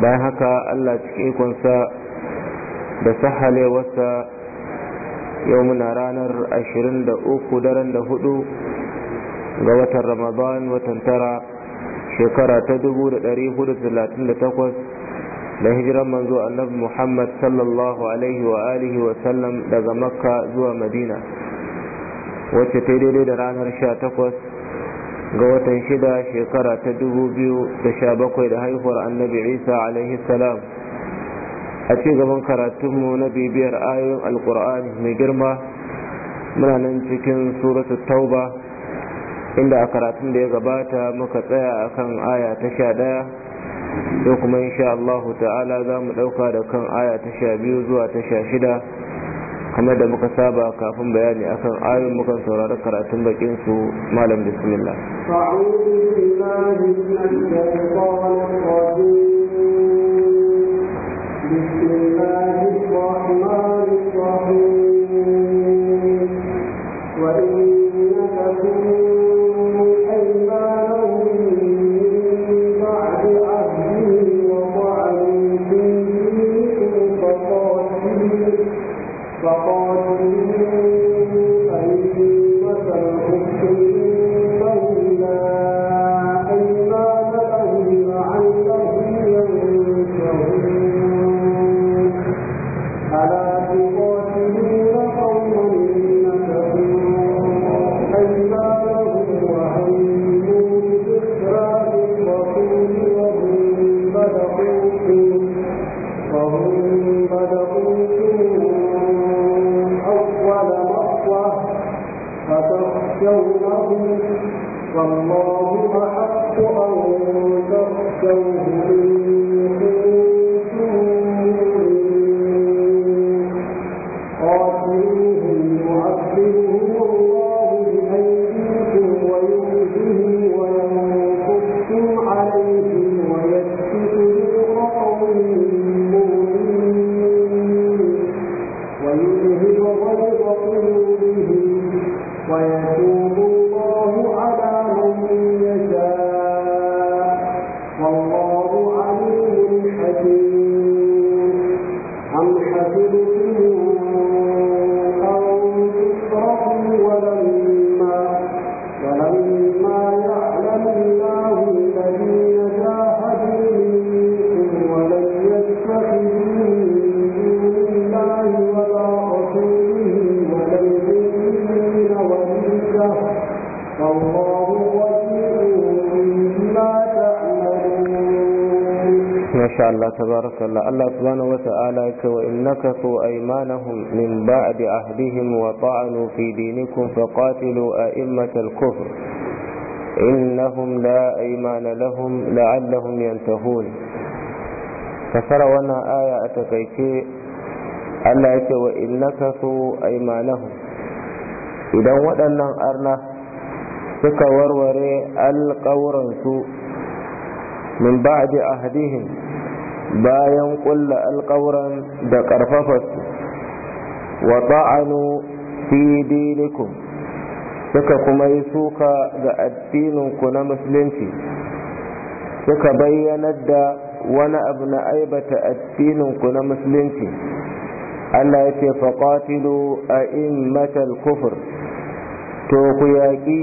bayan haka Allah cikin ikonsa da sahale wasa yau muna ranar 23 daren da hudu ga watan ramadan watan tara shekara ta 1438 da hijiran manzo annabi muhammad sallallahu alaihi wa alihi wa sallam daga makka zuwa madina wacce ta daidai da ranar 18 ga watan shida shekara ta dubu biyu da sha bakwai da haihuwar annabi isa alaihi salam a ci gaban karatunmu na bibiyar ayoyin alkur'ani mai girma muna nan cikin suratu tauba inda a karatun da ya gabata muka tsaya akan aya ta sha ɗaya da kuma insha Allahu ta'ala za mu ɗauka da kan aya ta sha biyu zuwa ta sha shida kamar da muka saba kafin bayani akan ayoyin mukan saurari karatun bakin su malam bismillah بسم الله الرحمن الرحيم الجوهري Allah Allah subhanahu wa ta'ala ce wa innaka su aymanahum min ba'di ahdihim wa ta'anu fi dinikum fa qatilu a'immatal kufr innahum la aymana lahum la'allahum yantahun fasara wannan aya a takaice Allah ya ce wa innaka su idan waɗannan arna suka warware alƙawuransu min ba'di bayan ƙulla alƙawuran da ƙarfafarsu wa ta'anu fi dinikum suka kuma yi suka ga addininku na musulunci suka bayyanar da wani abu na aibata addininku na musulunci Allah ya ce faƙatilu a immatal kufur to ku yaƙi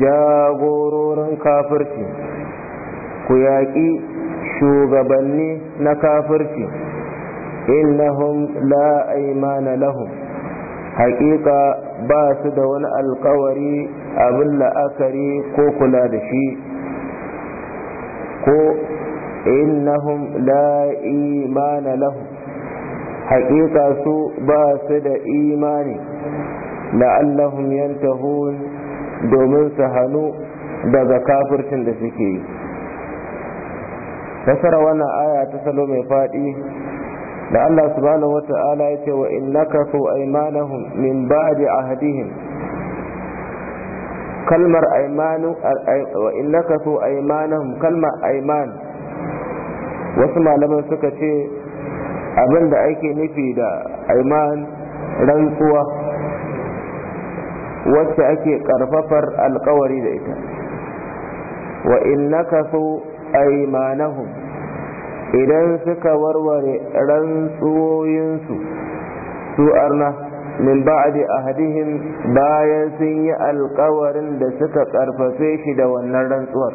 jagororin kafirci ku yaƙi shugabanni na kafirci innahum la aimana lahum haƙiƙa ba su da wani alkawari abin la'akari ko kula da shi ko innahum la imana lahum haƙiƙa su ba su da imani la'allahum yantahun domin su hannu daga kafircin da suke yi fasara wannan aya ta salo mai faɗi da Allah subhanahu wata'ala ya ce wa innaka fu aymanahum min ba'di ahdihim kalmar aymanu wa innaka fu aymanahum kalmar ayman wasu malaman suka ce abin da ake nufi da aiman rantsuwa wacce ake karfafar alkawari da ita wa innaka fu aymanahum idan suka warware rantsuwoyinsu su arna min ba'di ahadihim bayan sun yi alkawarin da suka karfafe shi da wannan rantsuwar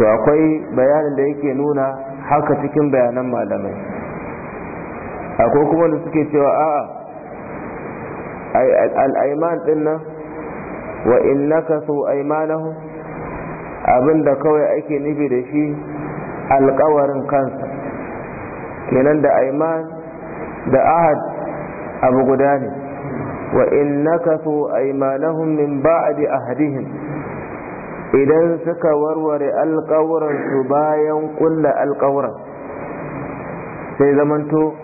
to akwai bayanin da yake nuna haka cikin bayanan malamai akwai kuma da suke cewa a'a al'aiman din nan wa innaka su Abin abinda kawai ake nufi da shi Alƙawarin kansa kenan da aiman da ahad abu guda ne wa in nakathu aymanahum min ba'di ahdihim idan suka warware alkawuran su bayan kulla alkawuran sai zamanto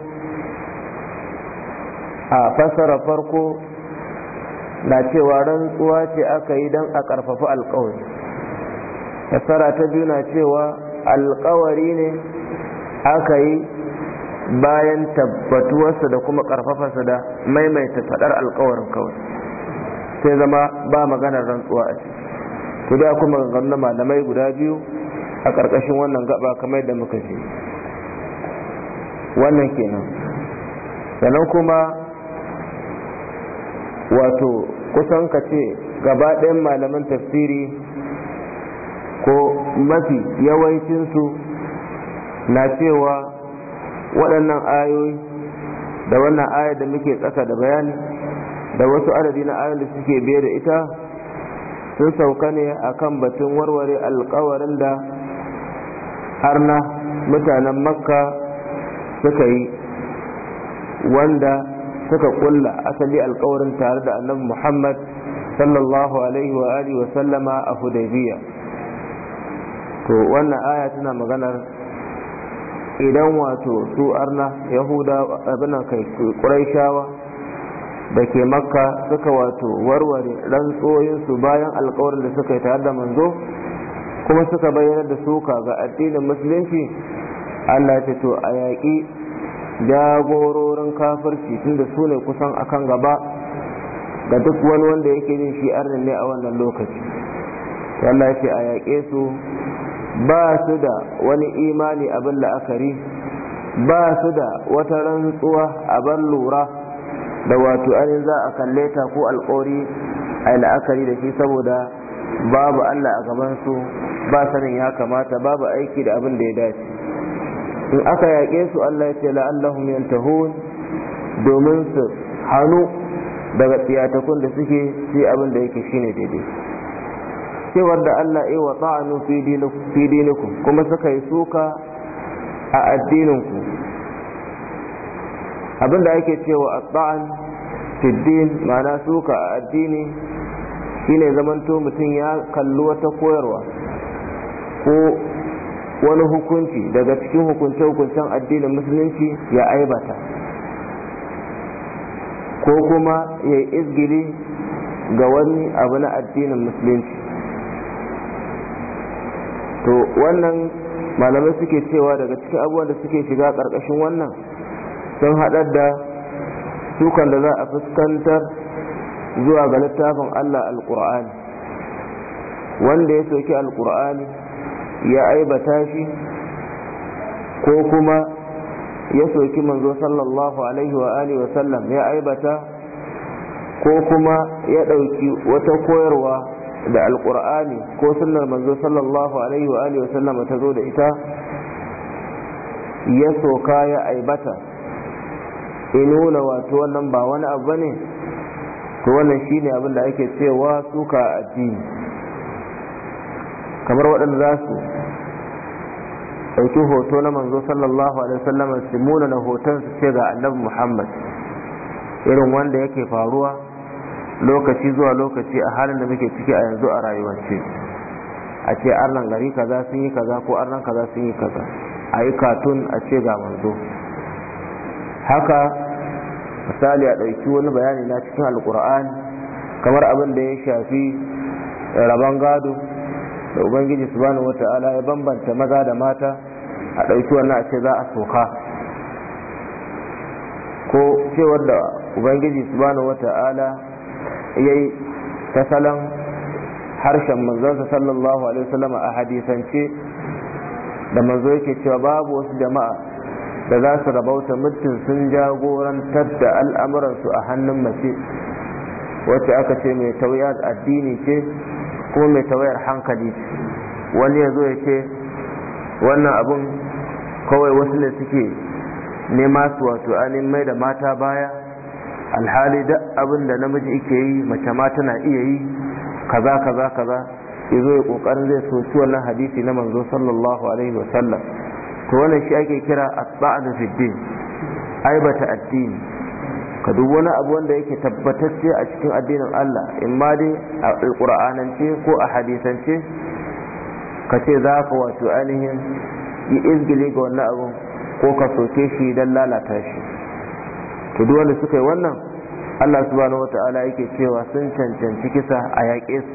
a fasara farko na cewa rantsuwa ce aka yi don a ƙarfafa alkawari fasara ta biyu na cewa alkawari ne aka yi bayan tabbatuwarsa da kuma ƙarfafarsa da maimaita faɗar alkawarin kawai sai zama ba maganar rantsuwa a ciki Ku da kuma gangan malamai guda biyu a ƙarƙashin wannan gaba kamar da muka ce wannan kenan sannan kuma wato kusan ka ce gaba ɗayan malaman tafsiri ko mafi yawancinsu na cewa waɗannan ayoyi da wannan ayar da muke tsaka da bayani da wasu adadi na ayoyi da suke biye da ita sun sauka ne a kan batun warware alkawarin da har na mutanen makka suka yi wanda suka kulla asali alkawarin tare da annabi muhammad sallallahu alaihi wa alihi wa sallama a hudaybiya to wannan aya tana maganar idan wato su arna yahuda abinan kai ƙuraishawa da ke makka suka wato warware rantsoyinsu bayan alkawarin da suka yi tare da manzo kuma suka bayyana da suka ga addinin musulunci allah ta to a yaƙi jagororin kafirci tunda su ne kusan akan gaba ga duk wani wanda yake yin shi arnin ne a wannan lokaci Allah ce a yaƙe su ba su da wani imani abin la'akari ba su da wata rantsuwa abin lura da wato anin za a kalle ta ko alkori a la'akari da shi saboda babu Allah a gabansu ba sanin ya kamata babu aiki da abin da ya dace in aka yaƙe su Allah ya ce la'allahum yantahun domin su hannu daga tiyatakun da suke shi abin da yake shine daidai cewar da Allah ya wa ta'anu fi dinikum kuma suka yi suka a addininku abinda ake cewa a ta'an fi din ma'ana suka a addini shine zamanto mutum ya kalli wata koyarwa ko wani hukunci daga cikin hukunce-hukuncen addinin musulunci ya aibata ko kuma ya yi izgili ga wani abu na addinin musulunci to wannan malamai suke cewa daga cikin abubuwan da suke shiga karkashin wannan sun haɗar da sukan da za a fuskantar zuwa ga littafin Allah alƙur'ani wanda ya soki alƙur'ani ya aibata shi ko kuma ya soki manzo sallallahu alaihi wa alihi wa sallam ya aibata ko kuma ya ɗauki wata koyarwa da alkur'ani ko sunnar manzo sallallahu alaihi wa alihi sallama ta zo da ita ya soka ya aibata inuna wato wannan ba wani abu ne to wannan shine abin da ake cewa suka addini kamar waɗanda za su ɗauki hoto na manzo sallallahu alaihi wasallama su muna na hoton su ce ga annabi muhammad irin wanda yake faruwa lokaci zuwa lokaci a halin da muke ciki a yanzu a rayuwance a ce arnan gari kaza sun yi kaza ko arnan kaza sun yi kaza a yi katun a ce ga manzo haka misali a ɗauki wani bayani na cikin alkur'ani kamar abin da ya shafi rabon gado da ubangiji subhanahu wata'ala ya bambanta maza da mata a ɗauki wannan a ce za a soka ko cewar da ubangiji subhanahu wata'ala yayi ta salon harshen manzansa sallallahu alaihi wasallam a hadisance da manzo yake cewa babu wasu jama'a da za su rabauta mutum sun jagorantar da al'amuransu a hannun mace wacce aka ce mai tawayar addini ce ko mai tauyar hankali wani ya zo ya ce wannan abun kawai wasu ne suke nema su wato anin mai da mata baya alhali duk abin da namiji yake yi mace ma tana iya yi kaza kaza kaza Izo ya kokarin zai soci wannan hadisi na manzo sallallahu alaihi wa sallam to wannan shi ake kira at-ta'anu fi din aibata addini ka duk wani abu wanda yake tabbatacce a cikin addinin Allah in ma dai a alqur'anance ko a hadisance ka ce za ka wato ainihin yi izgili ga wannan abu ko ka soke shi don lalata shi to duk wanda suka yi wannan Allah subhanahu wata'ala yake cewa sun cancanci kisa a yaƙe su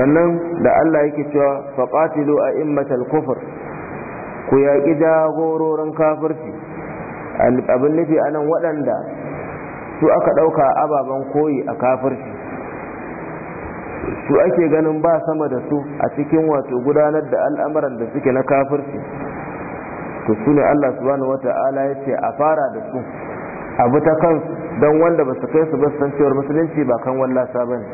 sannan da Allah yake cewa fa a a'immatal kufr ku yaƙi jagororin kafirci abin nufi anan waɗanda su aka ɗauka ababen koyi a kafirci su ake ganin ba sama da su a cikin wato gudanar da al'amuran da suke na kafirci to su ne Allah subhanahu wata'ala ya ce a fara da su abu ta kansu don wanda ba su kai su ba san cewar musulunci ba kan wallasa ba ne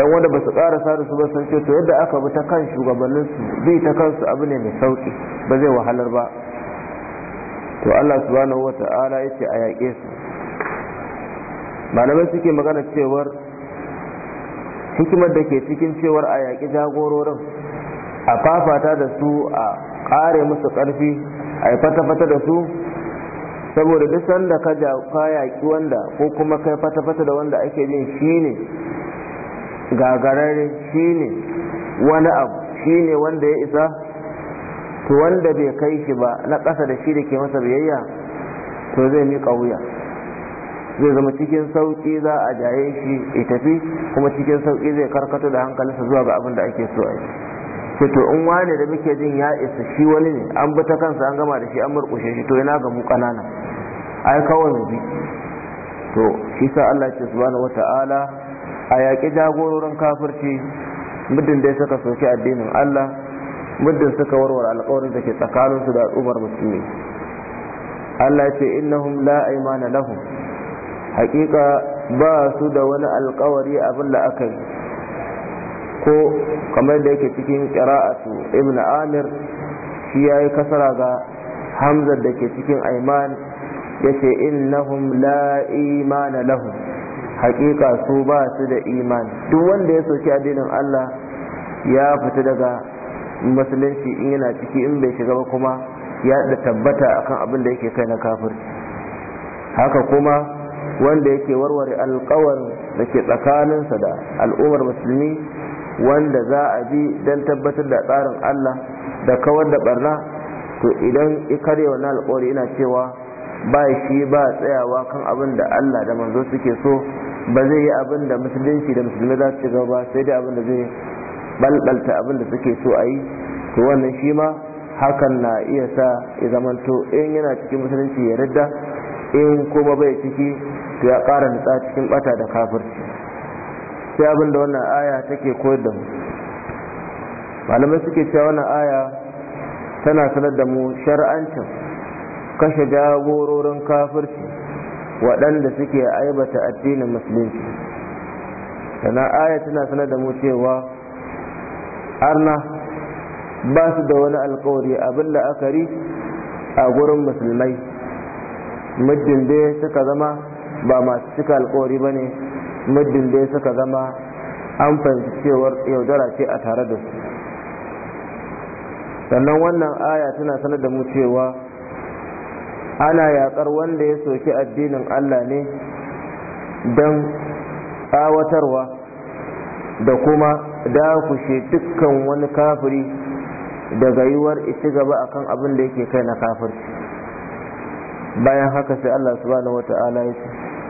don wanda ba su ƙara sa su ba san cewa to yadda aka bi ta kan shugabannin su bi ta kansu abu ne mai sauki ba zai wahalar ba to Allah subhanahu wata'ala ya ce a yaƙe su malamai suke magana cewar hikimar da ke cikin cewar a yaƙi jagororin a fafata da su a kare musu ƙarfi a yi fata-fata da su saboda duk sanda ka ja yaƙi wanda ko kuma kai fata-fata da wanda ake bin shi ne gagarare shi ne wani abu shi ne wanda ya isa to wanda bai kai shi ba na ƙasa da shi da ke masa biyayya to zai miƙa wuya zai zama cikin sauƙi za a jaye shi ya tafi kuma cikin sauƙi zai karkato da hankalinsa zuwa ga abin da ake so a yi ce to in wane da muke jin ya isa shi wani ne an bi ta kansa an gama da shi an murƙushe shi to yana ga mu ƙanana ai kawai mu bi to shi sa Allah ce subhanahu wata'ala a yaƙi jagororin kafirci muddin dai suka soki addinin Allah muddin suka warware alƙawarin da ke tsakanin su da al'ummar musulmi Allah ya ce innahum la aymana lahum haƙiƙa ba su da wani alƙawari abin da aka yi ko kamar da yake cikin qira'atu ibn amir shi yayi kasara ga hamza da ke cikin aiman yace innahum la imana lahum haƙiƙa su ba su da iman. duk wanda ya soki addinin Allah ya fita daga musulunci in yana ciki in bai shiga ba kuma ya da tabbata akan abin da yake kai na kafirci haka kuma wanda yake warware alƙawar da ke tsakaninsa da al'ummar musulmi wanda za a bi don tabbatar da tsarin Allah da kawar da barna to idan ikare wannan alƙawari ina cewa ba shi ba tsayawa kan abin da Allah da manzo suke so ba zai yi abin da musulunci da musulmi za su ci gaba sai dai abin da zai balbalta abin da suke so a yi to wannan shi ma hakan na iya sa ya zamanto in yana cikin musulunci ya ridda in kuma bai ciki to ya ƙara nutsa cikin bata da kafirci sai abin da wannan aya take koyar da mu malamai suke cewa wannan aya tana sanar da mu shar'ancin kashe jagororin kafirci waɗanda suke aibata addinin musulunci sannan aya tana sanar da mu cewa arna ba su da wani alkawari abin la'akari a gurin musulmai muddin dai suka zama ba masu cika alkawari ba ne muddin dai suka zama an fahimci cewar yaudara ce a tare da su sannan wannan aya tana sanar da mu cewa ana yakar wanda ya soki addinin Allah ne don tsawatarwa da kuma dakushe dukkan wani kafiri da yiwuwar ci gaba akan abin da yake kai na kafirci bayan haka sai Allah subhanahu wata'ala ya ce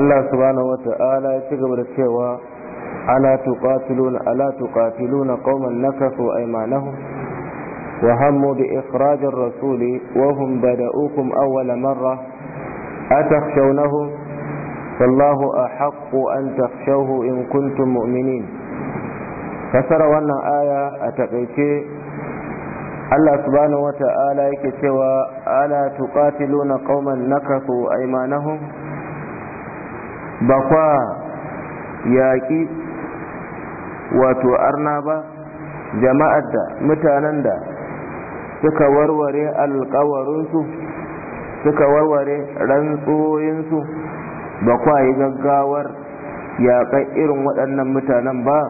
Allah subhanahu wa ta'ala ya ci gaba da cewa ala tuqatiluna ala tuqatiluna qauman nakasu aymanahum wa hammu bi ikhraj ar-rasuli wa hum bada'ukum awwala marra atakhshawnahum wallahu ahaqqu an takhshawhu in kuntum mu'minin fasara wannan aya a takaice Allah subhanahu wa ta'ala yake cewa ala tuqatiluna qauman nakasu aymanahum ba kwa yaƙi wato arna ba jama'ar da mutanen da suka warware alkawarinsu suka warware rantsoyinsu ba kwa yi gaggawar yaƙar irin waɗannan mutanen ba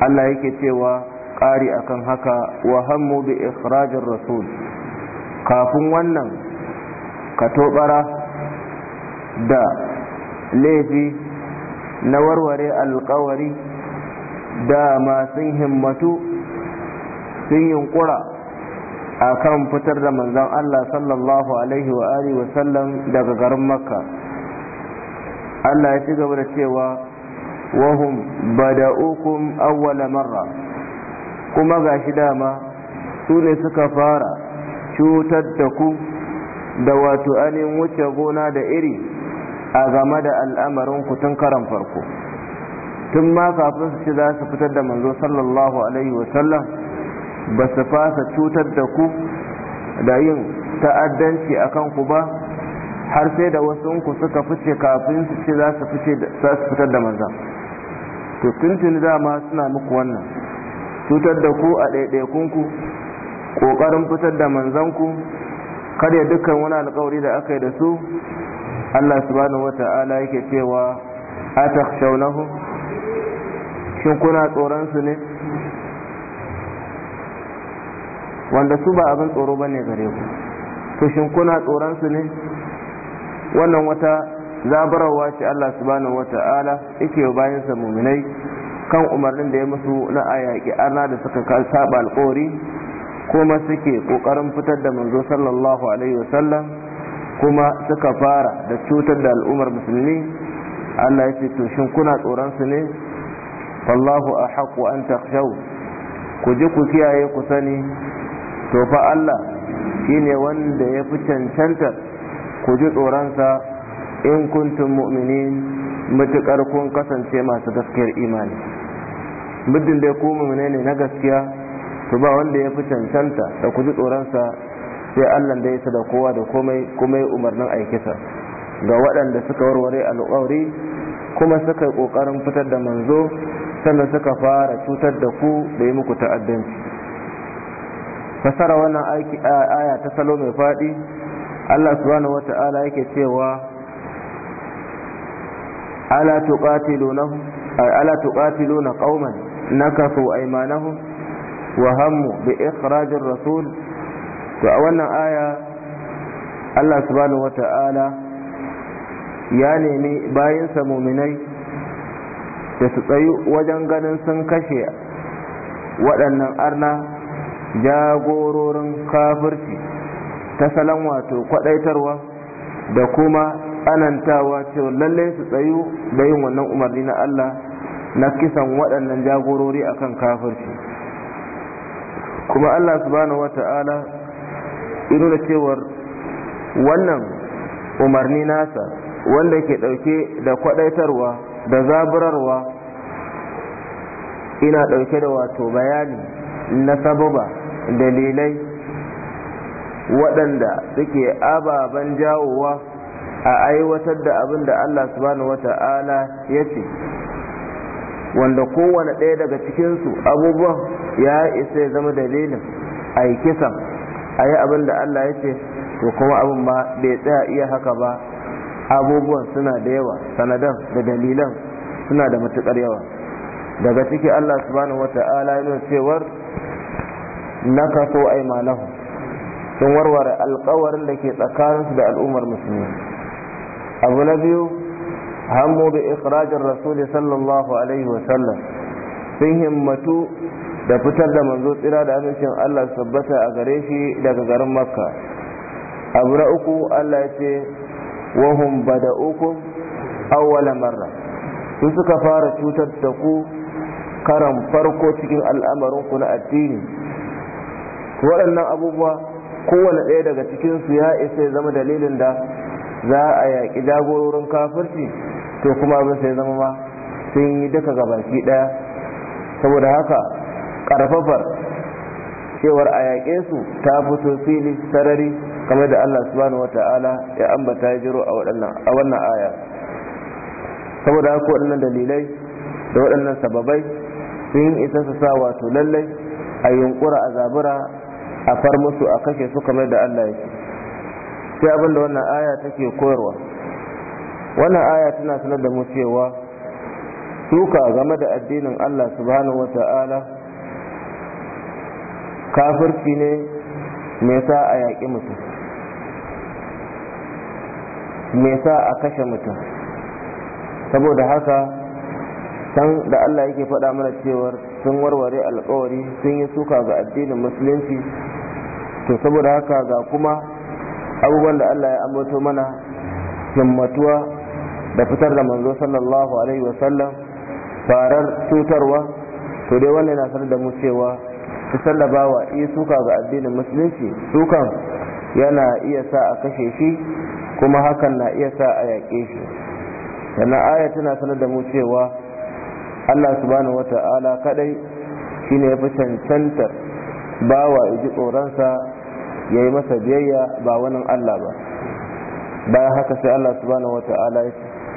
Allah yake cewa ƙari akan haka wa hammu bi ikhrajin rasul kafin wannan ka tobara da laifi na warware alkawari dama sun himmatu sun yunkura a kan fitar da manzon Allah sallallahu alaihi wa wasallam daga garin makka Allah ya ci gaba da cewa wahum ukun awwala marra kuma ga gashi dama su ne suka fara cutar da ku da wato anin wuce gona da iri a game da al'amarin ku tun karan farko tun ma kafin su ci za su fitar da manzo sallallahu alaihi wasallam ba su fasa cutar da ku da yin ta'addanci a kan ku ba har sai da wasu ku suka fice kafin su ce za su fitar da manzan to tuntuni dama suna muku wannan cutar da ku a ɗaiɗaikunku ƙoƙarin fitar da manzanku kada dukkan wani alkawari da aka yi da su Allah subhanahu ta'ala yake cewa a shaunahu shin kuna tsoron su ne wanda su ba abin tsoro ba ne gare ku to shin kuna tsoron su ne wannan wata zabarawa ce Allah subhanahu ta'ala yake bayan sa muminai kan umarnin da ya musu na ayaki arna da suka saba alƙori kuma suke ƙoƙarin fitar da manzo sallallahu alaihi wasallam kuma suka fara da cutar da al'ummar musulmi Allah ya ce to shin kuna tsoron su ne wallahu haƙu an takhshaw ku ji ku kiyaye ku sani to fa Allah shine wanda ya fi cancanta ku ji tsoronsa in kuntum mu'minin matuƙar kun kasance masu gaskiyar imani muddin ya ku mu'mine ne na gaskiya to ba wanda ya fi cancanta da ku ji tsoronsa sai allah da ya da kowa da komai kuma ya umarnin aikisa ga waɗanda suka warware alƙawari kuma suka yi ƙoƙarin fitar da manzo sannan suka fara cutar da ku da yi muku ta'addanci fasara wannan aya ta salo mai faɗi allah subhanahu wata'ala yake cewa ala tuqatiluna qauman nakasu aymanahum wa hammu bi ikhrajir rasul to a wannan aya Allah subhanahu wata'ala ya nemi bayinsa muminai da su tsayu wajen ganin sun kashe waɗannan arna jagororin kafirci ta salon wato kwaɗaitarwa da kuma anantawa cewa lalle su tsayu da yin wannan umarni na Allah na kisan waɗannan jagorori akan kafirci kuma Allah subhanahu wata'ala ya nuna cewar wannan umarni nasa wanda ke ɗauke da kwaɗaitarwa da zaburarwa ina ɗauke da wato bayani na sababa dalilai waɗanda suke ababen jawowa a aiwatar da abin da Allah subhanahu wata'ala ya ce wanda kowane ɗaya daga cikinsu abubuwan ya isa ya zama dalilin a yi kisan Ayi yi abin da Allah ya ce to kuma abin ba bai tsaya iya haka ba abubuwan suna da yawa sanadan da dalilan suna da matukar yawa daga ciki Allah subhanahu wata'ala yana cewar nakasu aymanahum sun warware alƙawarin da ke tsakaninsu da al'ummar musulmi abu na biyu hammu bi ikirajin rasuli sallallahu alaihi wasallam sun himmatu da fitar da manzo tsira da amincin Allah tabbata a gare shi daga garin makka abu na uku Allah ya ce da bada'ukum awwala marra su suka fara cutar da ku karan farko cikin al'amarin ku na addini waɗannan abubuwa kowane ɗaya daga cikin su ya isa ya zama dalilin da za a yaƙi jagororin kafirci to kuma abin sai zama ma sun yi duka gabaki ɗaya saboda haka karfafar cewar a yaƙe su ta fito fili sarari kamar da Allah subhanahu wata'ala ya ambata ya jiro a wannan aya saboda haka waɗannan dalilai da waɗannan sababai sun isa su sa wato lallai a yunkura a zabura a far musu a kashe su kamar da Allah ya sai abin da wannan aya take koyarwa wannan aya tana sanar da mu cewa suka game da addinin Allah subhanahu wata'ala kafirci ne me sa a yaƙi mutum me sa a kashe mutum saboda haka san da Allah yake faɗa mana cewar sun warware alkawari sun yi suka ga addinin musulunci to saboda haka ga kuma abubuwan da Allah ya ambato mana himmatuwa da fitar da manzo sallallahu alaihi wasallam farar cutarwa to dai wannan yana sanar da mu cewa ta wa iya suka ga addinin musulunci sukan yana iya sa a kashe shi kuma hakan na iya sa a yaƙe shi sannan aya tana sanar da mu cewa allah subhanahu wata'ala kadai shine ya fi cancantar bawa ya ji tsoronsa ya yi masa biyayya ba wani allah ba bayan haka sai allah subhanahu wata'ala ya ce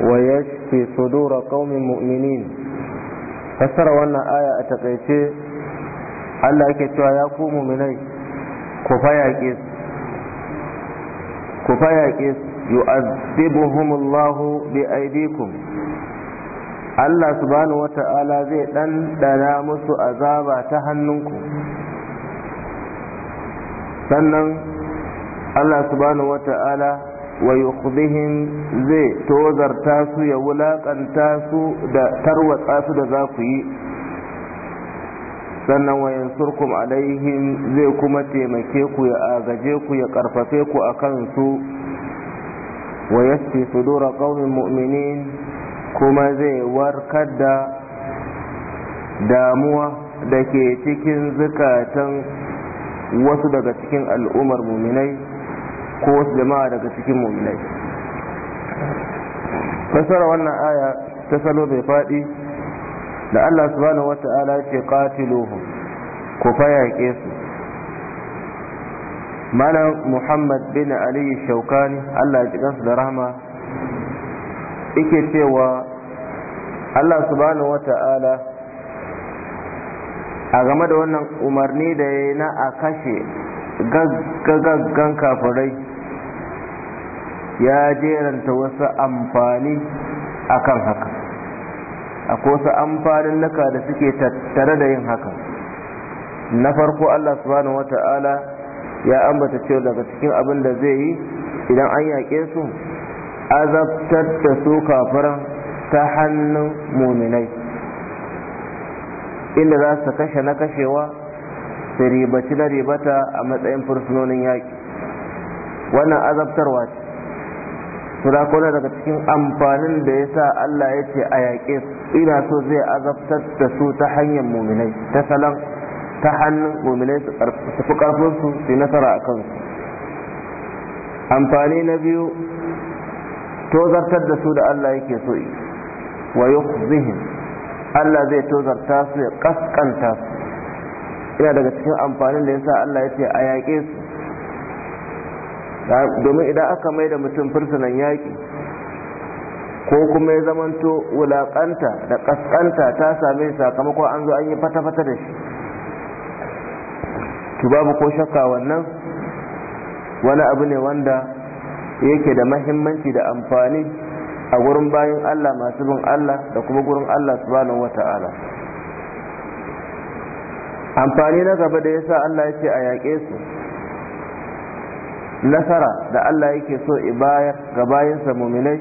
Wa ويشفي صدور قوم مؤمنين فسر wannan aya a takaice Allah yake cewa ya ku mu'minai ku fayaqe ku fayaqe yu'azibuhumullahu bi aydikum Allah subhanahu wata'ala zai dan dana musu azaba ta hannunku sannan Allah subhanahu wata'ala wa yukhzihim zai tozarta su ya wulakanta su da tarwatsa su da za ku yi sannan wa alaihin zai kuma taimake ku ya agaje ku ya karfafe ku a kansu wa yasfi sudura qaumin mu'minin kuma zai warkar da damuwa da ke cikin zikatan wasu daga cikin al'ummar muminai ko wasu jama'a daga cikin mu'minai Fassara wannan aya ta salo bai faɗi da Allah subhanahu wata'ala ya ce ko ku ke su mana Muhammad bin Ali Shaukani Allah ya ji kansu da rahama. yake cewa Allah subhanahu wata'ala a game da wannan umarni da ya na a kashe gaggagaggan kafirai ya jeranta wasu amfani a kan haka akwai wasu amfanin laka da suke tattare da yin haka na farko Allah subhanahu ta'ala ya ambata cewa daga cikin abin da zai yi idan an yaƙe su azabtar da su kafaran ta hannun muminai inda za su kashe na kashewa su ribaci na ribata a matsayin fursunonin yaƙi wannan azabtarwa ce sarakuna daga cikin amfanin da ya sa Allah ya ce a yaƙe ina so zai azabtar da su ta hanyar muminai ta salon ta hannun muminai su fi ƙarfinsu su nasara a kansu amfani na biyu tozartar da su da Allah yake so yi wa yukhzihim Allah zai tozarta su ya kaskanta su ina daga cikin amfanin da ya sa Allah ya ce a yaƙe su domin idan aka mai da mutum fursunan yaƙi ko kuma ya zamanto wulaƙanta da ƙasƙanta ta same sakamakon an zo an yi fata-fata da shi to babu ko shakka wannan wani abu ne wanda yake da mahimmanci da amfani a gurin bayan Allah masu bin Allah da kuma gurin Allah su subhanahu wata'ala amfani na gaba da yasa Allah ya ce a yaƙe su nasara da Allah yake so bayar ga bayansa muminai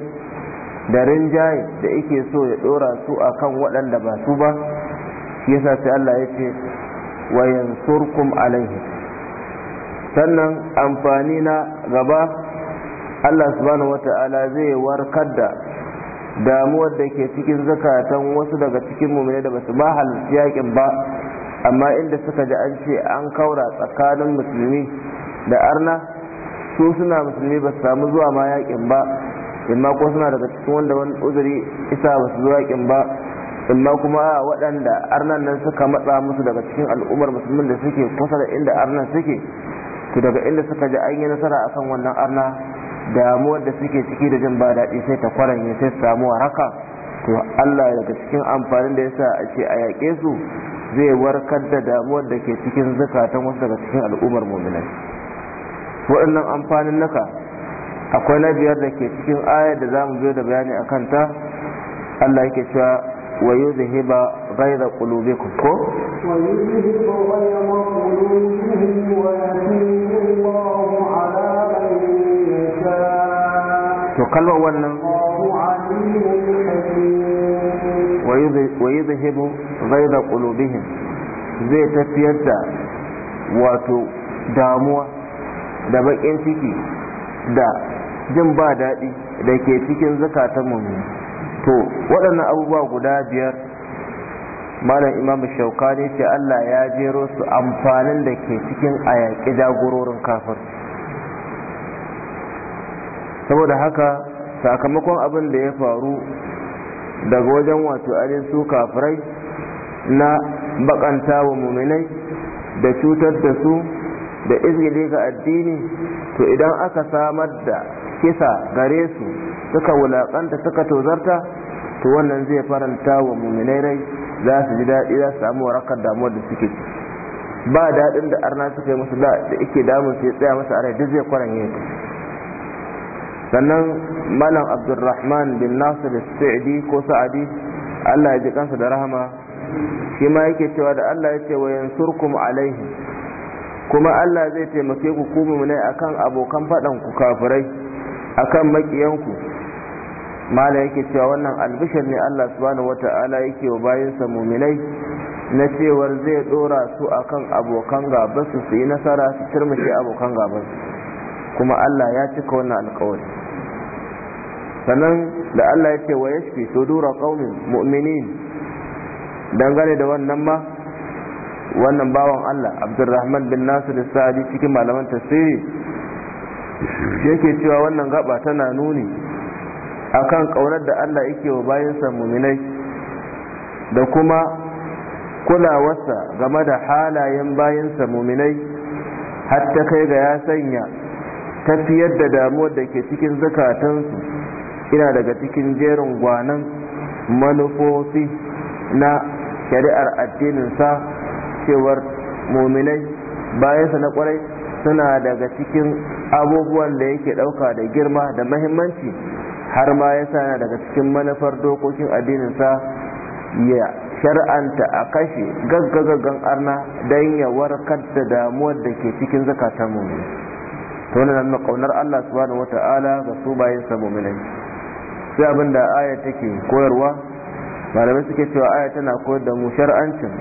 da rinjaye da yake so ya dora su a kan waɗanda ba su ba shi yasa sai Allah ya ce wa alaihi sannan amfani na gaba Allah subhanahu wata'ala zai warkar da damuwar da ke cikin zakatan wasu daga cikin muminai da basu ba halarci yakin ba amma inda suka ji an ce an kaura tsakanin musulmi da arna su suna musulmi ba su samu zuwa ma yakin ba imma ko suna daga cikin wanda wani uzuri isa ba su zuwa yakin ba imma kuma waɗanda arnan nan suka matsa musu daga cikin al'ummar musulmin da suke kusa da inda arnan suke to daga inda suka ji an yi nasara a kan wannan arna damuwar da suke ciki da jin ba daɗi sai ta kwaranye sai su samu waraka to Allah daga cikin amfanin da yasa a ce a yaƙe su zai warkar da damuwar da ke cikin zukatan wasu daga cikin al'ummar muminai waɗannan amfanin naka akwai na biyar da ke cikin ayar da za mu biyo da bayani a kanta Allah yake cewa wa da ghayra qulubikum ko wa yuzhiba ghayra qulubihim wa yatiqullahu ala man to kalma wannan wa yuzhibu ghayra qulubihim zai tafiyar da wato damuwa da bakin ciki da jin ba daɗi da ke cikin zukatan mummi to waɗannan abubuwa guda biyar malam Imam shauka ne ce allah ya jero su amfanin da ke cikin a yaƙi jagororin kafir saboda haka sakamakon abin da ya faru daga wajen wato arin su kafirai na bakanta wa muminai da cutar da su da izgili ga addini to idan aka samar da kisa gare su suka wulaƙanta suka tozarta to wannan zai faranta wa muminai rai za su ji daɗi za su samu warakar damuwar da suke ba daɗin da arna suka yi musu da ike damun su ya tsaya masa a rai duk zai kwaranye ta sannan malam abdulrahman bin nasir sa'idi ko sa'adi allah ya ji kansa da rahama shi ma yake cewa da allah ya ce wa yansurkum alaihi kuma Allah zai taimake ku ku ne akan abokan faɗan ku kafirai akan makiyan ku mala yake cewa wannan albishir ne Allah subhanahu wata'ala yake wa bayansa muminai na cewar zai dora su akan abokan gabasu su yi nasara su turmushe abokan gaban kuma Allah ya cika wannan alkawari sannan da Allah ya ce wa yashfi sudura qaumin mu'minin dangane da wannan ma wannan bawan Allah Abdulrahman bin Nasir Sa'di cikin malaman tafsiri yake cewa wannan gaba tana nuni akan ƙaunar da Allah yake wa bayansa muminai da kuma kulawarsa game da halayen bayansa muminai ta kai ga ya sanya tafiyar da damuwar da ke cikin zakatansu ina daga cikin jerin gwanan manufofi na shari'ar addininsa cewar muminai bayansa na kwarai suna daga cikin abubuwan da yake ɗauka da girma da mahimmanci har ma ya sana daga cikin manufar dokokin addininsa ya shar'anta a kashe gaggagaggan arna don ya warkar da damuwar da ke cikin zakatan mummuni to na nuna ƙaunar Allah subhanahu wata'ala ga su bayan sa muminai. sai abinda da aya take koyarwa malamai suke cewa aya tana koyar da mu shar'ancin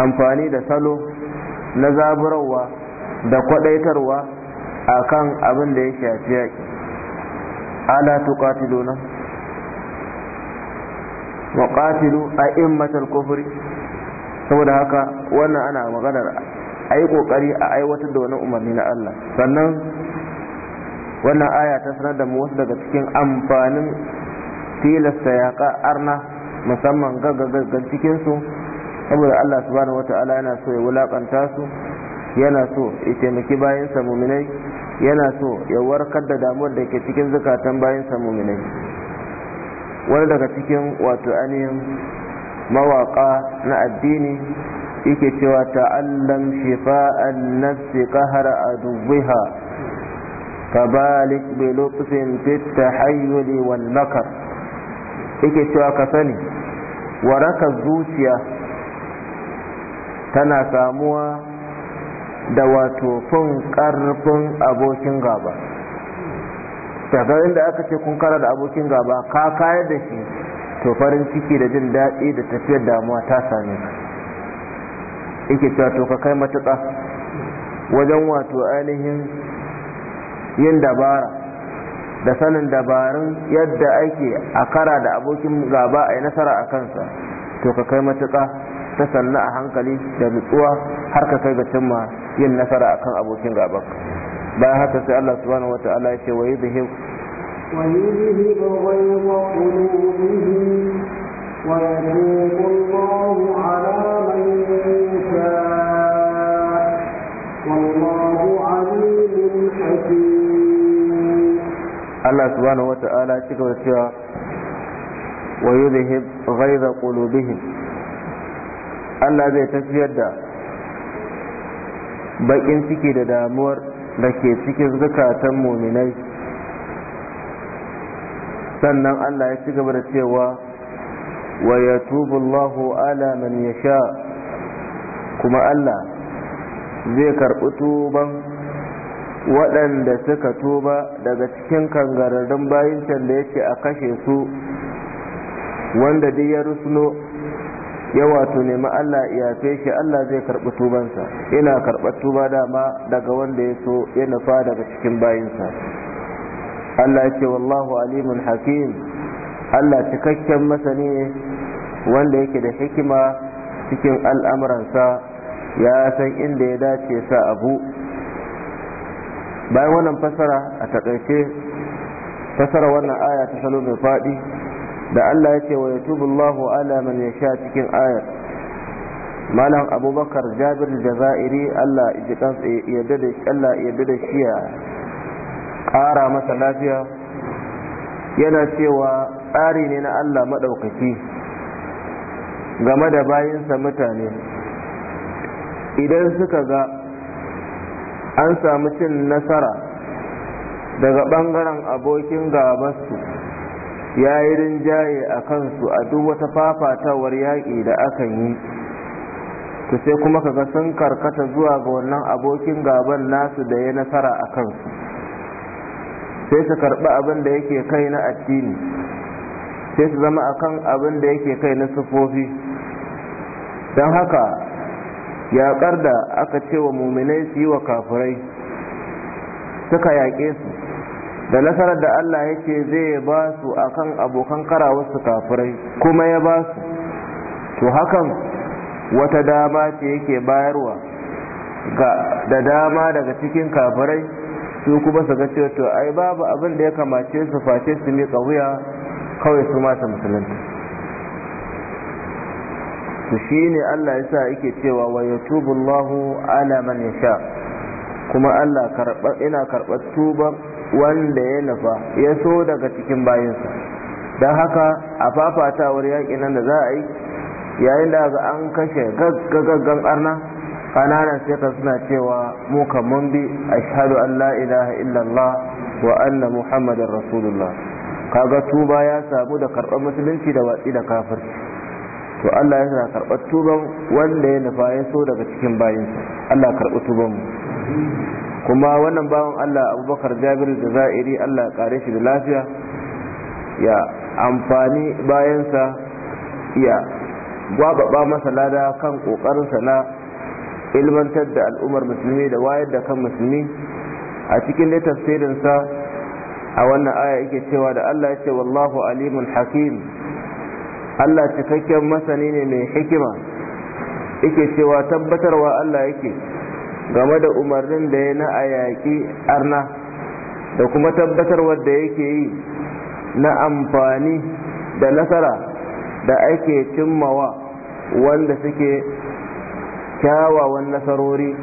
amfani da salo na zaburarwa da kwadaitarwa a kan abin da ya shafi yaƙi ala tuqatiluna wa in matar kofuri? saboda haka wannan ana maganar a yi ƙoƙari a aiwatar da wani umarni na Allah sannan wannan aya ta sanar da mu wasu daga cikin amfanin tilasta yaƙa arna musamman gaggagaggar cikinsu saboda Allah subhanahu wata'ala yana so ya wulakanta su yana so ya taimaki bayansa muminai yana so ya warkar da damuwar da ke cikin zukatan bayansa muminai wani daga cikin wato ainihin mawaka na addini yake cewa ta'allam an nafsi qahara aduwwiha kabalik bi lutfin fit tahayyuli wal makar yake cewa ka sani waraka zuciya tana samuwa da wato fin karfin abokin gaba daga inda aka ce kun kara da abokin gaba ka kayar da shi to farin ciki da jin daɗi da tafiyar damuwa ta same ka yake cewa to ka kai matuƙa wajen wato ainihin yin dabara da sanin dabarun yadda ake a kara da abokin gaba a yi nasara a kansa to ka kai matuƙa ta sannu a hankali da nutsuwa har ka kai ga cimma yin nasara akan abokin gaban bayan haka sai Allah subhanahu wataala ya ce wa yuzhib wa yuzhib ghayra qulubihim wa yatubu Allahu ala man yasha wallahu alimun hakim Allah subhanahu wataala ya ce wa yuzhib ghayra qulubihim Allah zai tafiyar da bakin ciki da damuwar da ke cikin zukatan muminai sannan Allah ya ci gaba da cewa wa yatubu ya ala man sha kuma Allah zai karɓi tuban waɗanda suka tuba daga cikin kangararrun can da yake a kashe su wanda duk ya rusuno ya wato nemi Allah ya shi Allah zai karɓi tubansa ina karɓar tuba dama daga wanda ya so ya nufa daga cikin bayinsa Allah ya wallahu alimun hakim Allah cikakken masani ne wanda yake da hikima cikin al'amuransa ya san inda ya dace sa abu bayan wannan fasara a taƙaice fasara wannan aya ta salo mai faɗi da Allah ya ce wa tubu Allah ala man sha cikin ayar malam abubakar jabir da Allah Allah ya da shi ya ƙara masa lafiya yana cewa tsari ne na Allah maɗaukaki game da bayansa mutane idan suka ga an samu cin nasara daga ɓangaren abokin gabasu ya yi rinjaye a kansu a duk wata fafatawar yaƙi da aka yi to sai kuma kaga sun karkata zuwa ga wannan abokin gaban nasu da ya nasara a kansu sai su karɓi abin da yake kai na addini sai su zama akan abin da yake kai na sufofi don haka yaƙar da aka ce wa muminai su yi wa kafirai suka yaƙe su da nasarar da Allah yake zai ba su akan abokan karawarsu kafirai kuma ya ba su to hakan wata dama ce yake bayarwa da dama daga cikin kafirai su kuma su ga cewa to ai babu abin da ya kamace su face su ne wuya kawai su mata musulunci, su shi ne Allah ya sa yake cewa wa tubu Allahu ala man yasha kuma Allah ina karɓar tuban wanda ya nufa ya so daga cikin bayansa don haka a fafatawar yaƙi nan da za a yi yayin da ga an kashe gaggaggan arna kananan sai ka suna cewa mu mun bi shahadu an ila illallah wa anna muhammadin rasulullah kaga tuba ya samu da karɓar musulunci da watsi da kafir to Allah ya sa karɓar tuban wanda ya nufa ya so daga cikin bayansa. Allah karɓi tuban kuma wannan bawan Allah abubakar jabir da za'iri Allah kare shi da lafiya ya amfani bayansa ya gwababa masa lada kan kokarinsa na ilmantar da al'ummar musulmi da wayar da kan musulmi a cikin da tafsirinsa a wannan aya yake cewa da Allah ya ce wallahu alimun hakim Allah cikakken masani ne mai hikima yake cewa tabbatarwa Allah yake game da umarnin da ya na a yaƙi arna da kuma tabbatar wadda yake yi na amfani da nasara da ake cimmawa wanda suke kyawawan nasarori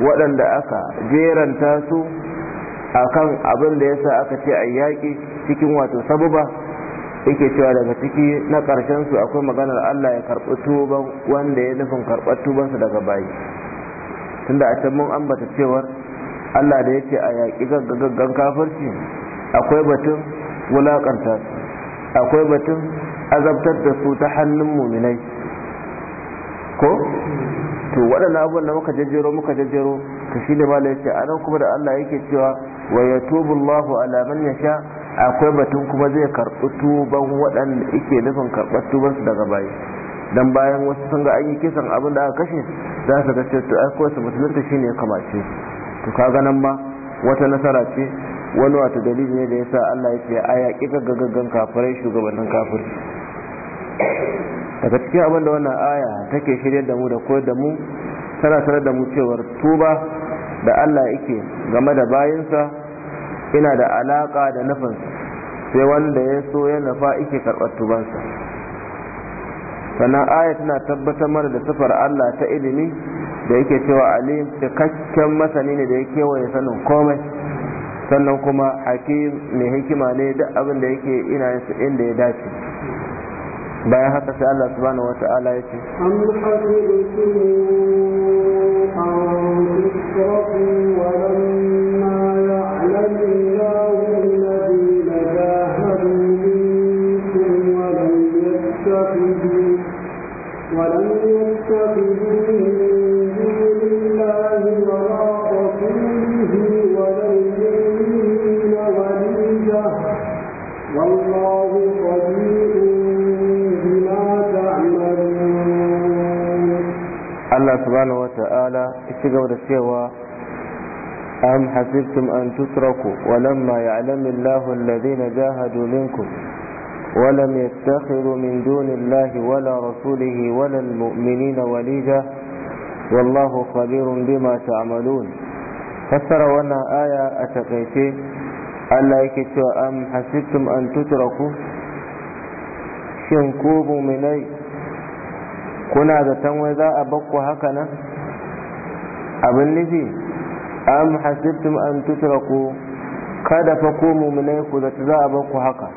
waɗanda aka jeranta su a kan abin da ya sa aka ce a yaƙi cikin wato sabuba yake cewa daga ciki na ƙarshensu akwai maganar Allah ya karɓi tuban wanda ya nufin karɓar tubansa daga bayi tunda a can mun ambata cewar Allah da yake a yaƙi gaggan kafirci akwai batun wulaƙanta akwai batun azabtar da su ta hannun muminai ko to waɗannan abubuwan da muka jajjero muka jajjero to shine ma da yake anan kuma da Allah yake cewa wa yatubu Allahu ala man yasha akwai batun kuma zai karɓi tuban waɗanda yake nufin karɓar tubansu daga baya. dan bayan wasu sun ga ayi kisan abin da aka kashe za su ga cewa ai ko su musulunta shine ya kamace to kaga nan ma wata nasara ce wani wata dalili ne da yasa Allah ya ce a yaƙi gangan kafirai shugabannin kafir daga cikin abin da wannan aya take shirya da mu da koyar da mu tana sanar da mu cewar tuba da Allah yake game da bayinsa ina da alaka da nufinsa sai wanda ya so ya nafa yake karɓar tubansa sannan aya tana tabbatar mana da sifar Allah ta ilimi da yake cewa alim cikakken masani ne da ya kewaye sanin komai sannan kuma hakim mai hikima ne duk abin da yake ina yin inda ya dace bayan haka sai Allah subhanahu wa ta'ala ya ce أو Allah subhanahu wata'ala ci gaba da cewa am hasibtum an tutraku walamma ya'lamu Allahu alladhina ولم يتخذ من دون الله ولا رسوله ولا المؤمنين وليدا والله خبير بما تعملون فسر وانا آية أتقيتي ألا يكتوا أم حسبتم أن تتركوا شنكوب مني كنا ذا تنوذا أبقوا هكنا abin nufi am hasibtum an tutraku kada fa ku mu'minai ku zata za a ku haka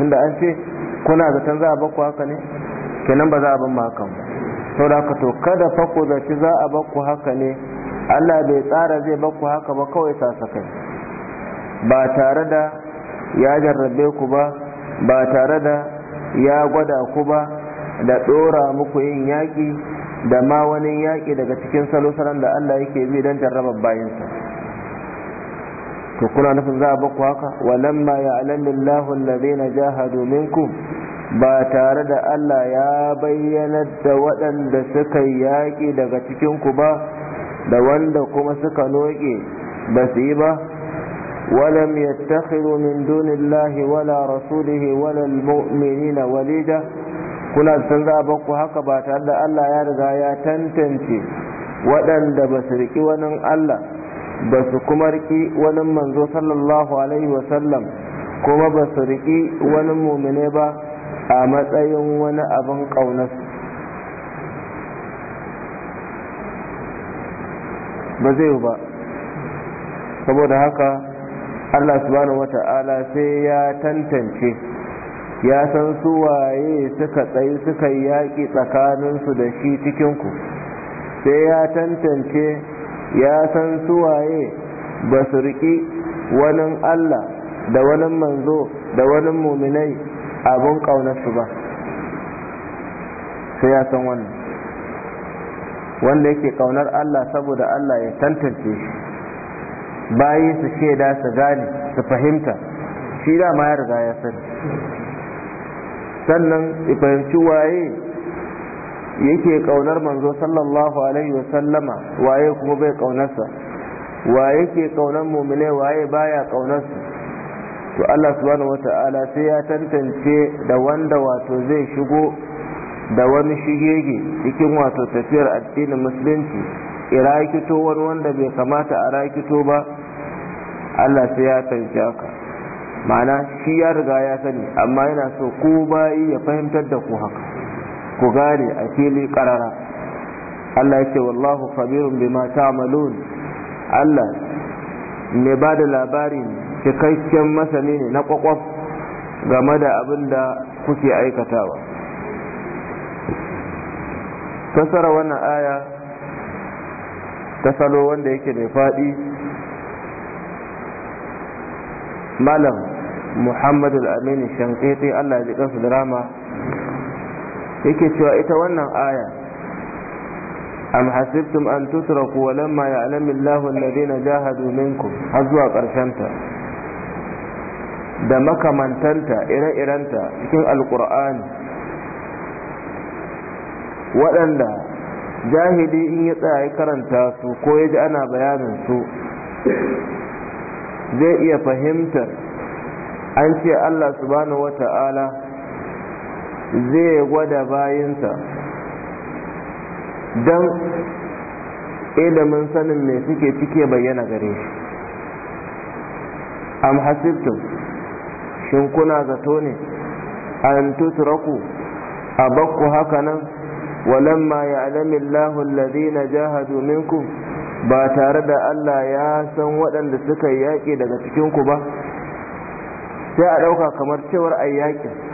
tunda an ce kuna zaton za a baku haka ne kenan ba za a ban hakan ba da haka to kada fa ku zaci za a baku haka ne Allah bai tsara zai baku haka ba kawai sasakai ba tare da ya jarrabe ku ba ba tare da ya gwada ku ba da ɗora muku yin yaƙi da ma wani yaƙi daga cikin salo da Allah yake bi don jarrabar bayansa to kuna nufin za a baku haka walamma ya alamin lahun ladina jahadu minkum ba tare da Allah ya bayyana da waɗanda suka yaƙi daga cikinku ba da wanda kuma suka noƙe ba su yi ba ya يتخذوا من lahi wala rasulihi wala ولا المؤمنين وليدا kuna san za a bakku haka ba tare da Allah ya riga ya tantance waɗanda ba su riƙi wani Allah ba su kuma riki wani manzo sallallahu alaihi wasallam kuma ba su riki wani mumine ba a matsayin wani abin ƙaunar. ba zai ba saboda haka Allah subhanahu ta'ala sai ya tantance ya san su waye suka tsayi suka yaƙi tsakaninsu da shi cikinku sai ya tantance ya san suwaye ba su riƙi wani Allah da wani manzo da wani muminai abin ƙaunarsu ba sai ya san wannan wanda yake ƙaunar Allah saboda Allah ya tantance shi bayi su shaida su gane su fahimta shi dama ya riga ya sani sannan fahimci waye yake kaunar manzo sallallahu alaihi wa sallama waye kuma bai kaunarsa waye ke kaunar mumine waye baya kaunarsa to Allah subhanahu wata'ala sai ya tantance da wanda wato zai shigo da wani shigege cikin wato tafiyar addinin musulunci irakito wani wanda bai kamata a rakito ba Allah sai ya tantance haka ma'ana shi ya riga ya sani amma yana so ko bayi ya fahimtar da ku haka ku gane a fili karara Allah ya ce wallahu khabirun bima ta'malun Allah ne ba da labari cikakken masani ne na kwakwaf game da abin da kuke aikatawa fasara wannan aya ta salo wanda yake mai faɗi malam muhammadu al-aminu shankiti Allah ya ji kansu da rama yake cewa ita wannan aya am hasibtum an tutraku wa lamma ya'lamu Allahu alladhina jahadu minkum har zuwa karshenta da makamantanta ire ta cikin alkur'ani waɗanda jahili in ya tsaya karanta su ko ya ji ana bayanin su zai iya fahimtar an ce Allah subhanahu wata'ala zai gwada bayansa don ilimin sanin mai suke cike bayyana gare shi am hasibtum shin kuna zato ne an tutraku a bakku haka nan walamma ya'lamu Allahu alladhina jahadu minkum ba tare da Allah ya san waɗanda suka yaƙi daga cikinku ba sai a ɗauka kamar cewar ayyakin yaƙin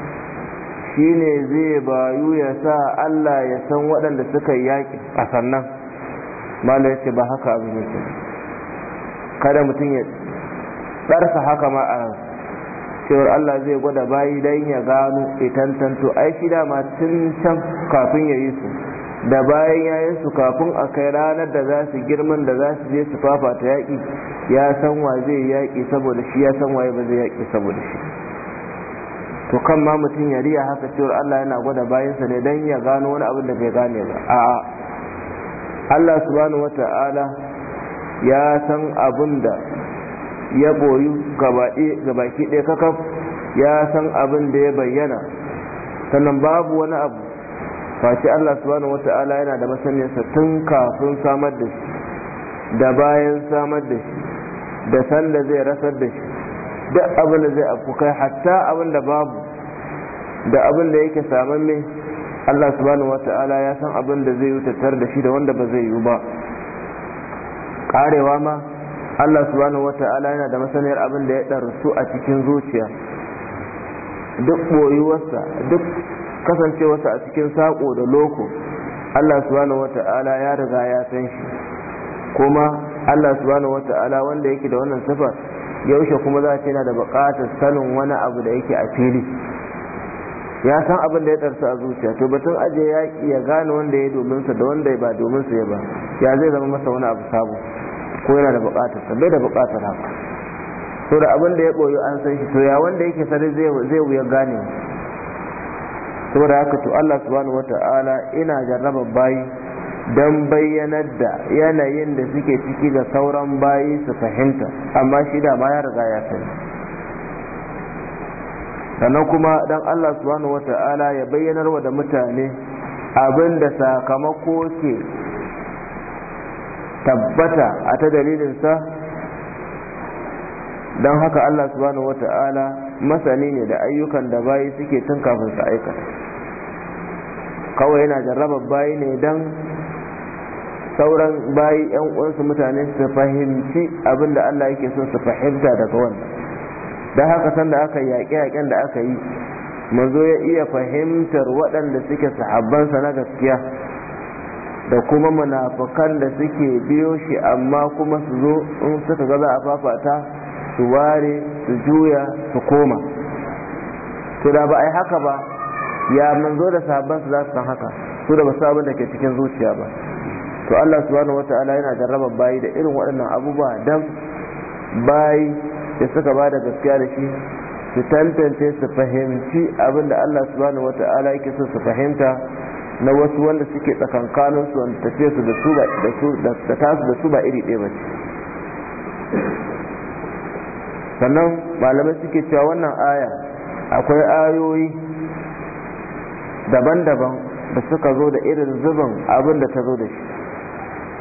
shine zai bayu ya sa Allah ya san waɗanda suka yi yaƙi a sannan malam ya ce ba haka ne ce kada mutum ya ɗarsa haka ma a cewar Allah zai gwada bayi don ya gano itantanto ai shi dama tun can kafin ya yi su da bayan ya yi su kafin a kai ranar da za su girman da za su je su fafata yaƙi ya san wa zai yaƙi saboda shi ya san waye ba zai yaƙi saboda shi to kan ma mutum ya riya haka cewar Allah yana gwada bayansa ne don ya gano wani abin da bai gane ba a'a Allah subhanahu wata'ala ya san abin da ya boyu gabaki ɗaya kakaf ya san abin da ya bayyana sannan babu wani abu face Allah subhanahu wata'ala yana da masaniyarsa tun kafin samar da shi da bayan samar da shi da sanda zai rasar da shi duk abin da zai afku kai hatta abin da babu da abin da yake ne Allah subhanahu wata'ala ya san abin da zai yi tattar da shi da wanda ba zai yi ba karewa ma Allah subhanahu wata'ala yana da masaniyar abin da ya ɗarsu a cikin zuciya duk boyuwarsa duk kasancewarsa a cikin saƙo da loko Allah subhanahu wata'ala ya riga ya san shi kuma Allah subhanahu wata'ala wanda yake da wannan sifar yaushe kuma za ta yana da buƙatar sanin wani abu da yake a fili ya san abin da ya ɗarsa a zuciya to batun aje ya ya gane wanda ya domin sa da wanda ba domin sa ya ba ya zai zama masa wani abu sabo ko yana da buƙatar sa bai da buƙatar haka to da abin da ya koyo an san shi to ya wanda yake sani zai zai wuya gane saboda haka to Allah subhanahu wata'ala ina jarraba bayi don bayyanar da yanayin da suke ciki da sauran bayi su fahimta amma shi da ma ya riga ya sani sannan kuma don Allah subhanahu wa ya bayyanar wa da mutane abin da sakamako ke tabbata a ta dalilinsa don haka Allah subhanahu wa masani ne da ayyukan da bayi suke tun kafin su aikata kawai yana jarrabar bayi ne don sauran bayi yan uwansu mutane su fahimci abin da Allah yake son su fahimta daga wannan don haka sanda aka yaƙe-yaƙen da aka yi manzo ya iya fahimtar waɗanda suke sahabbansa na gaskiya da kuma munafukan da suke biyo shi amma kuma su zo in suka ga za a fafata su ware su juya su koma to da ba a haka ba ya manzo da sahabbansa za su san haka su da ba su da ke cikin zuciya ba to Allah subhanahu wataala yana jarrabar bayi da irin waɗannan abubuwa dan bayi da suka ba da gaskiya da shi su tantance su fahimci abin da Allah subhanahu wataala yake so su fahimta na wasu wanda suke tsakankanin su wanda tafiye da su da tasu da su ba iri ɗaya ba ce sannan malamai suke cewa wannan aya akwai ayoyi daban-daban da suka zo da irin zubin abin da ta zo da shi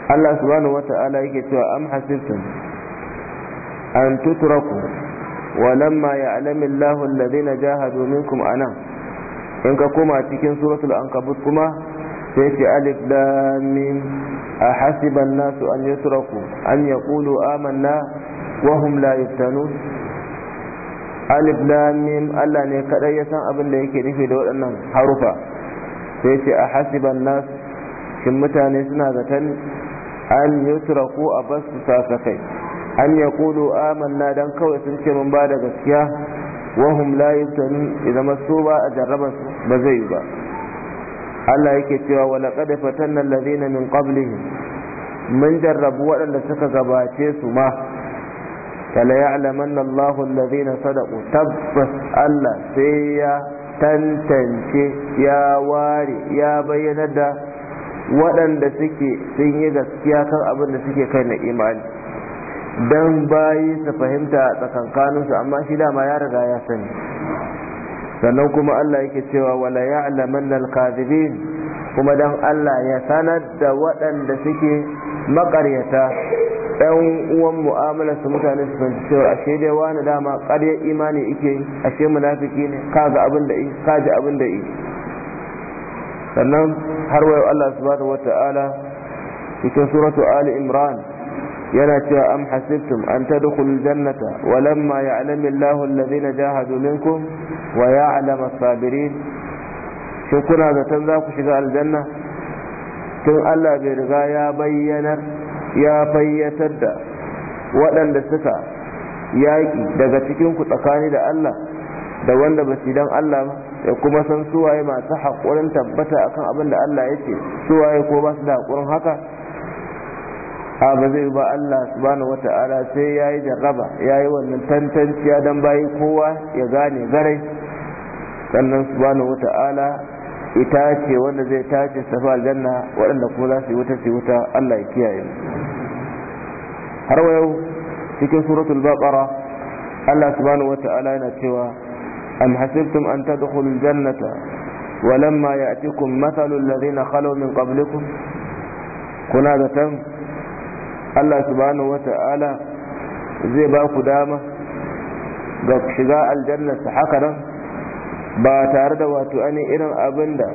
Allah subhanahu wata'ala yake cewa am hasibtum an tutraku wa lamma ya'lamu Allahu alladhina jahadu minkum ana in ka koma cikin suratul ankabut kuma sai ce alif lam a ahasiba nasu an yutraku an yaqulu amanna wa hum la yuftanun alif lam Allah ne kadai ya san abin da yake nufi da waɗannan harufa sai ce a an-nasu shin mutane suna zaton an yutraku a basu sakakai an ya kulu amanna dan kawai sun ce mun ba da gaskiya wahum la yuftanun idan masu ba a jarraba su ba zai yi ba Allah yake cewa wa laqad fatanna alladhina min qablihim mun jarrabu waɗanda suka gabace su ma fala ya'lamanna Allahu alladhina sadaqu tabbas Allah sai ya tantance ya ware ya bayyana da waɗanda suke sun yi gaskiya kan abin da suke kai na imani don bayi su fahimta a tsakankaninsu amma shi dama ya riga ya sani sannan kuma Allah yake cewa wala ya'laman al-kadhibin kuma dan Allah ya sanar da waɗanda suke makaryata ɗan uwan mu'amalar su mutane su fahimci cewa ashe dai wani dama ƙaryar imani ike ashe munafiki ne kaga abin da yi kaji abin da yi sannan har wayo Allah subhanahu wata'ala cikin suratu ali imran yana cewa am hasibtum an tadkhulul jannata wa lamma ya'lamu Allahu alladhina jahadu minkum wa ya'lamu as-sabirin shin kuna zaton za ku shiga aljanna tun Allah bai riga ya bayyanar ya fayyatar da waɗanda suka yaƙi daga cikin ku tsakani da Allah da wanda ba su dan Allah ba ya kuma san suwaye masu haƙurin tabbata akan abin da Allah ya ce suwaye ko ba su da haƙurin haka a ba zai ba Allah subhanahu wata'ala sai ya yi jarraba ya yi wannan tantanciya don bayi kowa ya gane garai sannan subhanahu wata'ala ita ce wanda zai tace safa aljanna waɗanda kuma za su yi wuta su wuta Allah ya kiyaye har wa yau cikin suratul baqara Allah subhanahu wata'ala yana cewa أم حسبتم أن تدخلوا الجنة ولما يأتكم مثل الذين خلوا من قبلكم kuna da tan Allah subhanahu wata'ala zai baku dama ga shiga aljannarsa haka nan ba tare da wato ani irin abin da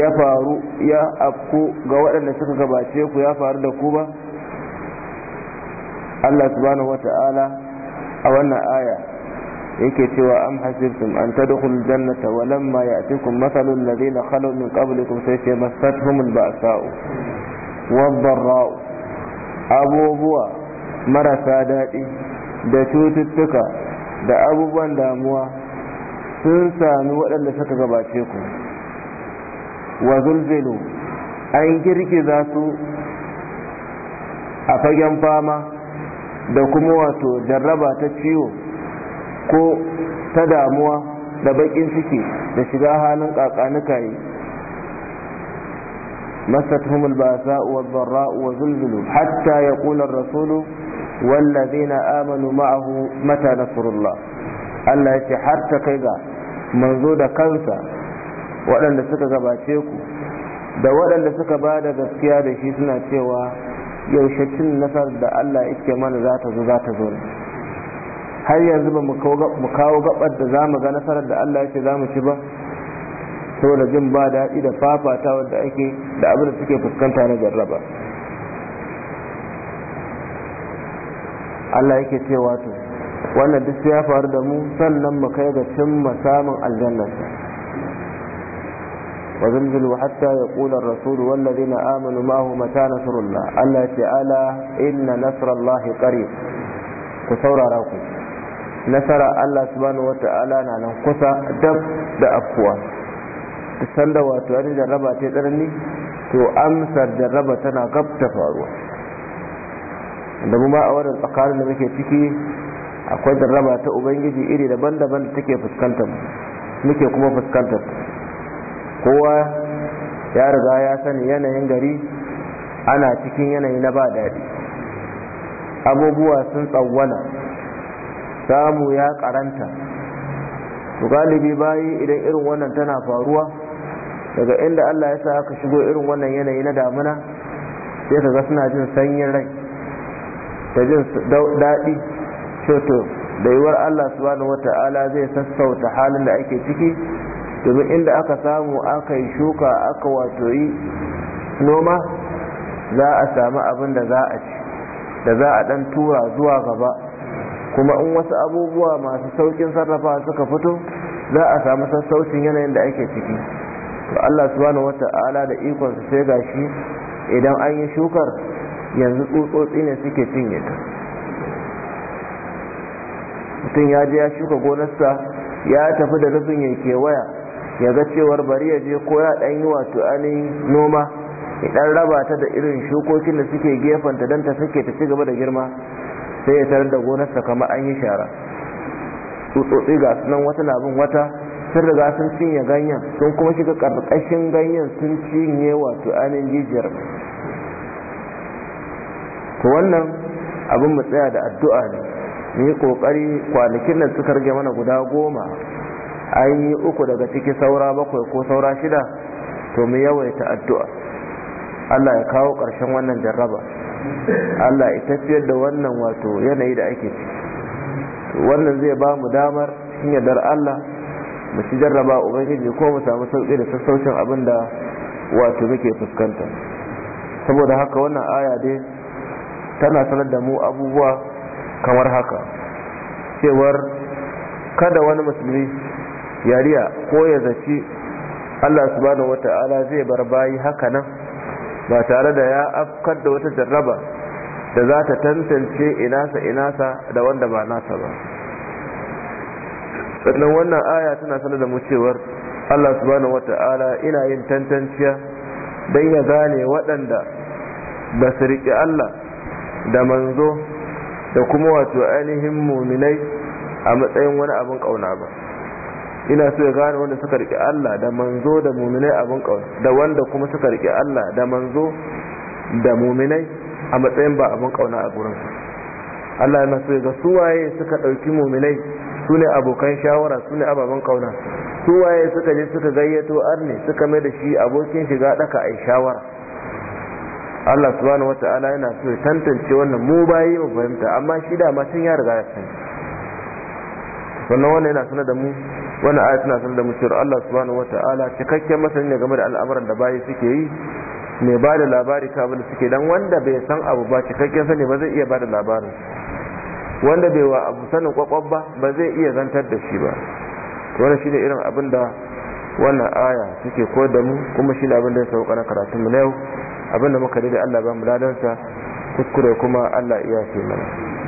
ya faru ya afko ga waɗanda suka gabace ku ya faru da ku ba Allah subhanahu wata'ala a wannan aya yake cewa am hasibtum an tadkhulul jannata wa lamma ya'tikum mathalu alladhina khalu min qablikum sai ce alba'sa'u ba'sa'u dharrau abubuwa marasa daɗi da cututtuka da abubuwan damuwa sun sami waɗanda suka gabace ku wa zulzilu an girgiza su a fagen fama da kuma wato jarraba ta ciwo ko ta damuwa da bakin ciki da shiga halin kakanuka yi مستهم الباساء zulzulu hatta ya يقول Rasulu, والذين آمنوا معه متى نصر الله Allah ya ce har ta kai ga manzo da kansa waɗanda suka gabace ku da waɗanda suka ba da gaskiya da shi suna cewa yaushe cin nasarar da Allah yake mana za ta zo za ta zo har yanzu ba mu kawo gabar da za mu ga nasarar da Allah yake za mu ci ba saboda jin ba daɗi da fafata wanda ake da abin da suke fuskanta na jarraba Allah yake ce wato wannan duk ya faru da mu sannan mu kai ga cimma samun aljannarsa وزلزلوا حتى يقول الرسول والذين آمنوا معه متى نصر الله ala تعالى إن نصر الله قريب ku saurara ku nasara Allah subhanahu ta'ala na nan kusa dab da afkuwa ta sanda wato yanin jarraba ta tsanani to amsar jarraba tana gab ta faruwa da mu a wannan tsakanin da muke ciki akwai jarraba ta ubangiji iri daban-daban da take fuskantar muke kuma fuskantar kowa ya riga ya sani yanayin gari ana cikin yanayi na ba daɗi abubuwa sun tsawwala samu ya karanta to galibi bayi idan irin wannan tana faruwa daga inda Allah ya sa aka shigo irin wannan yanayi na damuna sai ka ga suna jin sanyin rai da jin daɗi to da yiwuwar Allah subhanahu wata'ala zai sassauta halin da ake ciki domin inda aka samu aka yi shuka aka wato yi noma za a samu abin da za a ci da za a ɗan tura zuwa gaba kuma in wasu abubuwa masu saukin sarrafa suka fito za a samu sassaucin yanayin da ake ciki to Allah subhanahu wata'ala da ikon sai gashi idan an yi shukar yanzu tsutsotsi ne suke cinye ta mutum ya je ya shuka gonarsa ya tafi da nufin ya kewaya ya ga cewar bari ya je ko ya ɗan yi wato ainihin noma ya ɗan raba ta da irin shukokin da suke gefanta don ta sake ta ci gaba da girma sai ya tarar da gonarsa kamar an yi shara tsutsotsi ga sunan wata labin wata sun riga sun cinye ganyen sun kuma shiga karkashin ganyen sun cinye wato anin jijiyar to wannan abin mu tsaya da addu'a ne mu yi kokari kwanakin nan suka rage mana guda goma an yi uku daga ciki saura bakwai ko saura shida to mu yawaita addu'a Allah ya kawo ƙarshen wannan jarraba Allah ya tafiyar da wannan wato yanayi da ake ci. wannan zai ba mu damar cikin yadda Allah mu ci jarraba ubangiji ko mu samu sauƙi da sassaucin abin da wato muke fuskanta saboda haka wannan aya dai tana sanar da mu abubuwa kamar haka cewar kada wani musulmi yariya ko ya zaci Allah subhanahu wata'ala zai bar bayi haka nan ba tare da ya afkar da wata jarraba da za ta tantance inasa inasa da wanda ba nasa ba sannan wannan aya tana sanar da mu cewar Allah subhanahu wata'ala ina yin tantanciya don ya gane waɗanda ba su riƙe Allah da manzo da kuma wato ainihin muminai a matsayin wani abin ƙauna ba ina so ya gane wanda suka rike Allah da manzo da muminai abin kawai da wanda kuma suka rike Allah da manzo da muminai a matsayin ba abin kauna a gurin Allah yana so ya ga waye suka ɗauki muminai su ne abokan shawara su ne ababen kauna suwaye suka je suka gayyato arne suka mai da shi abokin shiga ɗaka a shawara Allah subhanahu wata'ala yana so ya tantance wannan mu bayi mu fahimta amma shi da matan ya riga ya sani wannan wannan yana sanar da mu wannan aya suna san da mu cewa Allah subhanahu wataala cikakken masani ne game da al'amuran da bayi suke yi mai ba da labari kabin da suke dan wanda bai san abu ba cikakken sani ba zai iya ba da labarin wanda bai wa abu sanin kwakwab ba ba zai iya zantar da shi ba wannan shine irin abin da wannan aya suke koyar da mu kuma shine abin da ya sauka na karatun mu na yau abin da muka da Allah ba mu ladansa kuskure kuma Allah iya ce